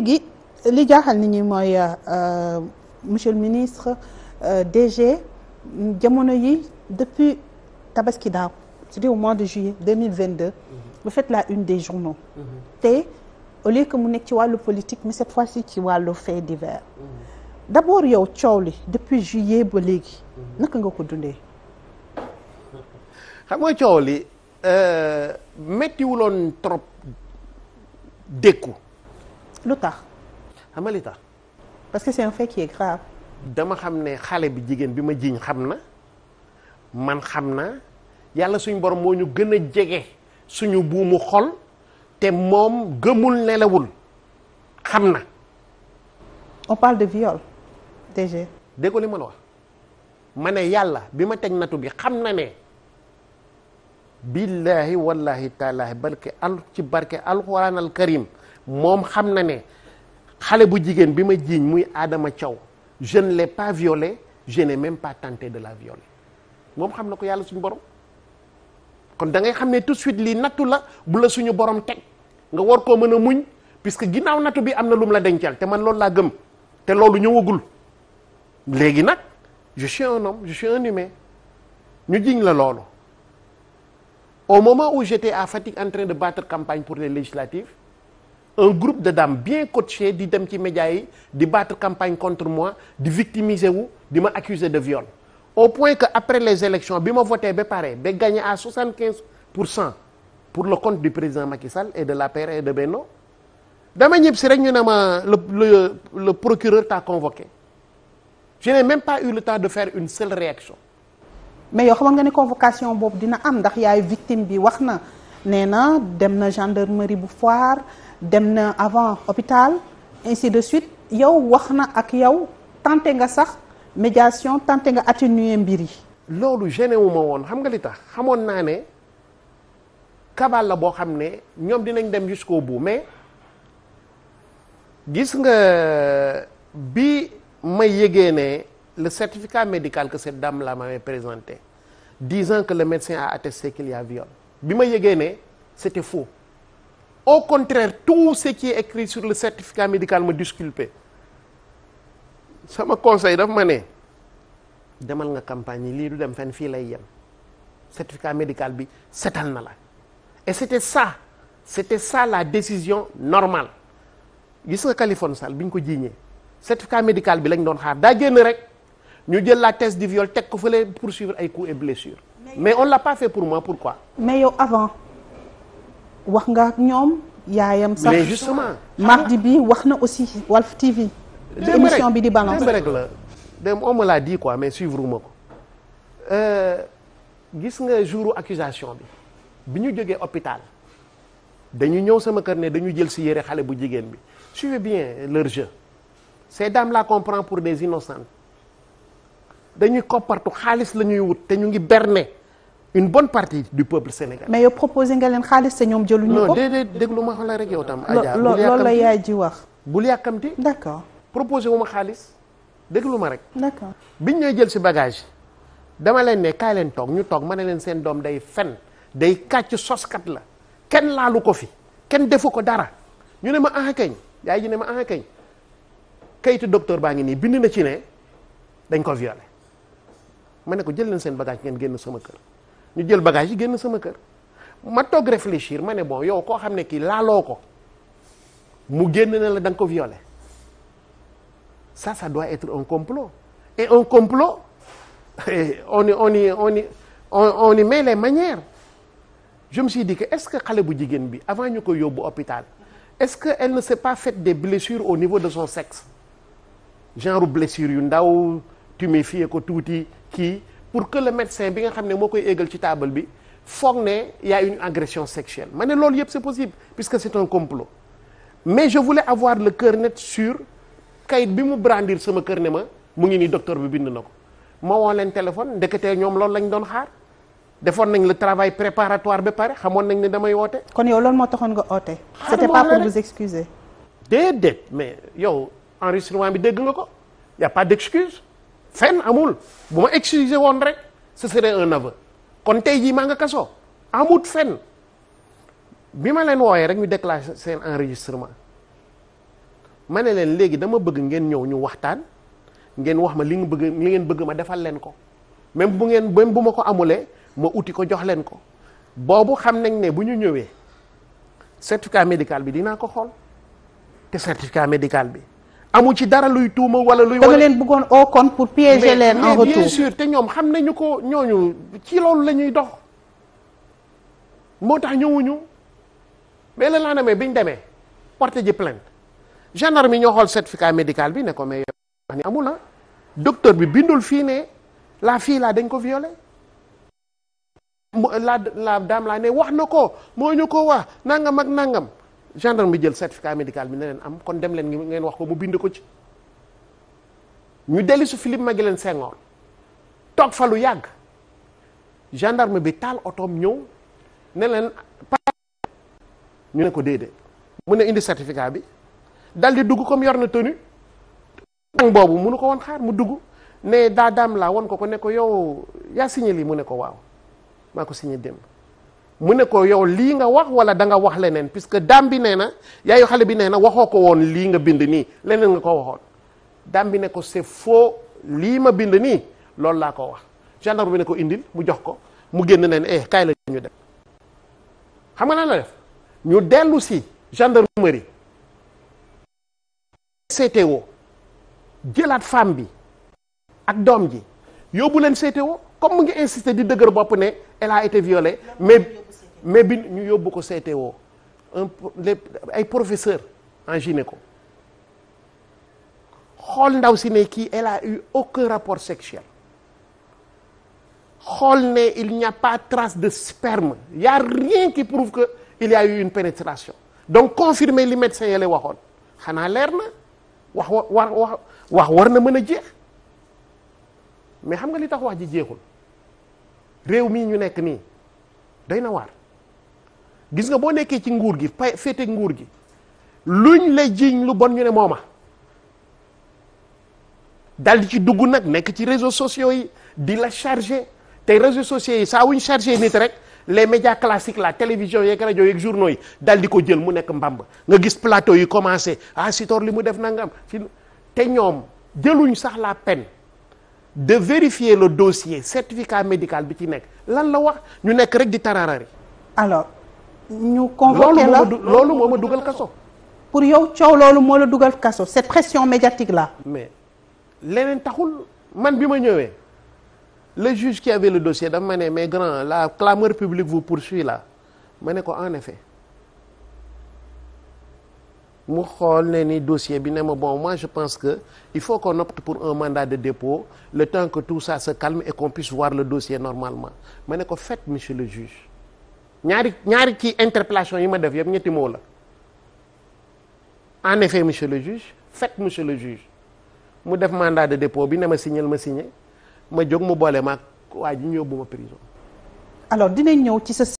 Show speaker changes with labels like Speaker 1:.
Speaker 1: léegi li jaaxal nit ñi mooy euh, monsieur le ministre euh, DG jamono yi depuis tabaski daaw c'est-à-dire au mois de juillet 2022 mhm. vous faites la une des journaux mhm. te au lieu mu nekk ci wàllu politique mais cette fois-ci wàllu fait divers
Speaker 2: mhm.
Speaker 1: d'abord yow coow li depuis juillet ba
Speaker 2: léegi naka nga ko dundee xam nga coow li euh, méttiwuloon trop dékku lu tax. xam tax. parce que c'est un fait dama xam ne xale bi jigéen bi ma jiiñ xam na man xam na yàlla suñu borom moo ñu gën a jege suñu buumu xol te moom gëmul nelawul xam na. on parle de viol DG. dégg li ma la wax ma ne yàlla bi ma teg natu bi xam na ne. billaahi wallaahi taalaahi barke al ci barke alxuraanal karim. moom xam na ne xale bu jigéen bi ma jiiñ muy Adama Thiaw jeune les l'ai pas violée je n'ai même pas tenté de la violer moom xam na ko yàlla suñu borom kon da ngay xam ne tout de suite lii nattu la bu la suñu borom teg nga war koo mën a muñ puisque ginnaaw nattu bi am na lu mu la dencal te man loolu laa gëm te loolu ñëwagul léegi nag je suis un homme je un humain ñu jiñ la loolu au moment où j'étais à Fatick en train de battre campagne pour les législatives un groupe de dames bien coachées di dem ci médias yi di battre campagne contre moi di victimiser wu di ma accuser de viol au point que après les élections bi ma voté ba pare ba gagné à 75 pour cent pour le compte du président Macky Sall et de l'APR et de Benno dama ñëpp si rek ñu ne ma le le le procureur t'a convoqué je n'ai même pas eu le temps de faire une seule réaction.
Speaker 1: mais yow xam nga ne convocation boobu dina am ndax yaay victime bi wax na nee na dem na gendarmerie bu Foire. dem na avant hôpital ainsi de suite yow wax na ak yow tante nga sax médiation tenté
Speaker 2: nga atténuer mbir yi. loolu gêné wu woon xam nga li tax xamoon naa ne kabal la boo xam ne ñoom dinañ dem jusqu'au bout mais gis nga bi ma yëgee ne le certificat médical que cette dame là m'avait présenté disant que le médecin a attesté qu'il y a bi ma yëgee ne c'était faux. au contraire tout ce qui est écrit sur le certificat médical me disculper sama conseil daf ma ne demal nga campagne lii du dem fen fii lay yem certificat médical bi setal na la et c'était ça et ça la décision normale gis nga Khaliphone Sall bi ñu ko jiiñee certificat médical bi lañ doon xaar daa génn rek ñu jël la thèse du viol teg ko fële poursuivre ay coups et blessures mais on l'a pas fait pour moi pourquoi mais yow avant
Speaker 1: wax nga ñoom yaayam sax mais justement mardi bi wax
Speaker 2: na aussi Walf TV émission di balance la dem on me l'a dit quoi mais suivre ko euh, gis nga jouru accusation bi bi ñu jógee hôpital dañu ñëw sama kër ne dañu jël si yére xale bu jigéen bi suivez bien leur jeu ces dames la comprend pour des innocentes dañuy koppartu xaalis la ñuy wut te ñu ngi berné une bonne partie du peuple sénégalais. mais yow proposé nga leen xaalis te ñoom jëluñu ko. non déedéet déglu ma la rek yow tam. Adja loolu la yaay ji wax. bul yàkkamti. d'accord proposé wu ma xaalis déglu ma rek. d'accord biñ ñooy jël si bagage dama leen ne kaay toog ñu toog ma ne leen seen doom day fen day kàcc soskat la kenn laalu ko fi kenn defu ko dara ñu ne ma ah kañ yaay ji ma ah kañ kayitu docteur baa ngi nii bind na ci dañ ko ma ne ko jël leen seen bagage ngeen génn sama kër. ñu jël bagage yi génn sama kër ma toog réfléchir ma ne bon yow koo xam ne kii laaloo ko mu génn na la danga ko violé sa ça doit être un complot et un complot on y on y on y on y met les manières je di suis est-ce que xale bu jigéen bi avant ñu ko yóbbu hôpital est-ce que elle ne s'est pas faite des blessures au niveau de son sexe genre blessure yu ndaw tuméfier ko tuuti kii pour que le médecin bi nga xam ne moo koy égal ci taabal bi foog ne y a une agression sexuelle ma ne loolu yëpp c'est possible puisque c'est un complot mais je voulais avoir le cœur net sur kayit bi mu brandir sama kër ne ma mu ngi ni docteur bi bind na ko ma woo leen téléphone ndeketee ñoom loolu lañ doon xaar defoon nañ le travail préparatoire ba pare xamoon nañ ne damay woote. kon yow loolu moo taxoon nga oote. c'était pas pour vous excuser. déedéet mais yow enregistrement bi dégg nga ko y a fenn amul bu ma excusé woon rek ce serait un aveu kon tey jii maa nga kaso amut fenn bi ma leen wooyee rek ñu déclaré seen enregistrement ma ne leen léegi dama bëgg ngeen ñëw ñu waxtaan ngeen wax ma li nga bëgg li ngeen bëgg ma defal leen ko même bu ngeen même bu ma ko amulee ma uti ko jox leen ko boobu xam nañ ne bu ñu ñëwee certificat médical bi dinaa ko xool te certificat médical bi amu ci dara luy tuuma wala luy. wax nga leen bëggoon au compte pour piéger leen. en retour bien sûr te ñoom xam nañu ko ñooñu ci loolu la ñuy dox moo tax ñëwuñu mais le lendemain bi ñu demee porté ji plainte genre mi ñoo xool certificat médical bi ne ko mais yow ni amul ah. docteur bi bindul fii ne la fille là dañ ko violé la la dame la ne wax na ko moo ñu ko wax nangam ak nangam. gendarme bi jël certificat médical bi ne leen am kon dem leen ngeen wax ko mu bind ko ci ñu delli su Philippe Maguilène Senghor toog fa lu yàgg gendarme bi taal otoom ñëw ne leen ñu ne ko déedéet mu ne indi certificat bi dal di dugg comme yor na tenue boobu munu ko woon xaar mu dugg ne daa daam laa won ko ko nekk yow yaa signé lii mu ne ko waaw maa ko signé démb mu ne ko yow lii nga wax wala da nga wax leneen puisque daam bi nee na yaayu xale bi nee na waxoo ko woon lii nga bind nii leneen nga ko waxoon daam bi ne ko c'est faux lii ma bind nii loolu laa ko wax gendarme bi ne ko indil mu jox ko mu génn neen eh kaay la ñu def xam nga lan la def ñu dellu si gendarmerie CTO jëlaat femme bi ak doom ji yóbbu leen CTO comme mu ngi insister di dëgër bopp ne elle a été violée mais mais bi ñu yóbbu ko CTO un ay professeur en gynéco xool ndaw si ne kii elle a eu aucun rapport sexuel xool ne il n'y a trace de sperme il y a rien qui prouve que il y eu une pénétration donc confirmer li médecin yale waxoon xanaa leer na wax wa wax wax war na mën a jeex mais xam nga li tax wax ji jeexul réew mii ñu nekk nii day na waar gis nga boo nekkee ci nguur gi pay féete nguur gi luñ lay jiiñ lu bon ñu ne mooma dal di ci dugg nag nekk ci réseau sociaux yi di la chargé te réseaux sociaux yi saa wuñ nit rek les médias classiques la télévision yeeg rajo yeeg journaux yi dal di ko jël mu nekk mbamb nga gis plateau yi commencé ah si li mu def nangam si te ñoom jëluñ sax la peine de vérifier le dossier certificat médical bi ci nekk lan la wax ñu nekk rek di tararari alors
Speaker 1: ñu convoqué la loolu
Speaker 2: moo ma dugal kaso pour yow coow loolu moo la
Speaker 1: dugal kaso cette pression médiatique la
Speaker 2: mais leneen taxul man bi ma ñëwee le juge qui avait le dossier dafa ma ne mais grand la clameur publique vous poursuit la ma ne ko en effet mu xool ne ni dossier bi ne ma bon moi je pense que il faut qu'on opte pour un mandat de dépôt le temps que tout ça se calme et qu'on puisse voir le dossier normalement ma ne ko fet monsieur le juge ñaari ñaari kii interpellation yi ma def yëpp ñetti moo la en effet monsieur le juge fet monsieur le juge mu def mandat de dépôt bi ne ma signal ma signé ma jóg mu boole ma waa ji ñu yóbbu ma prison
Speaker 1: alors dinañ ñëw ci
Speaker 2: sa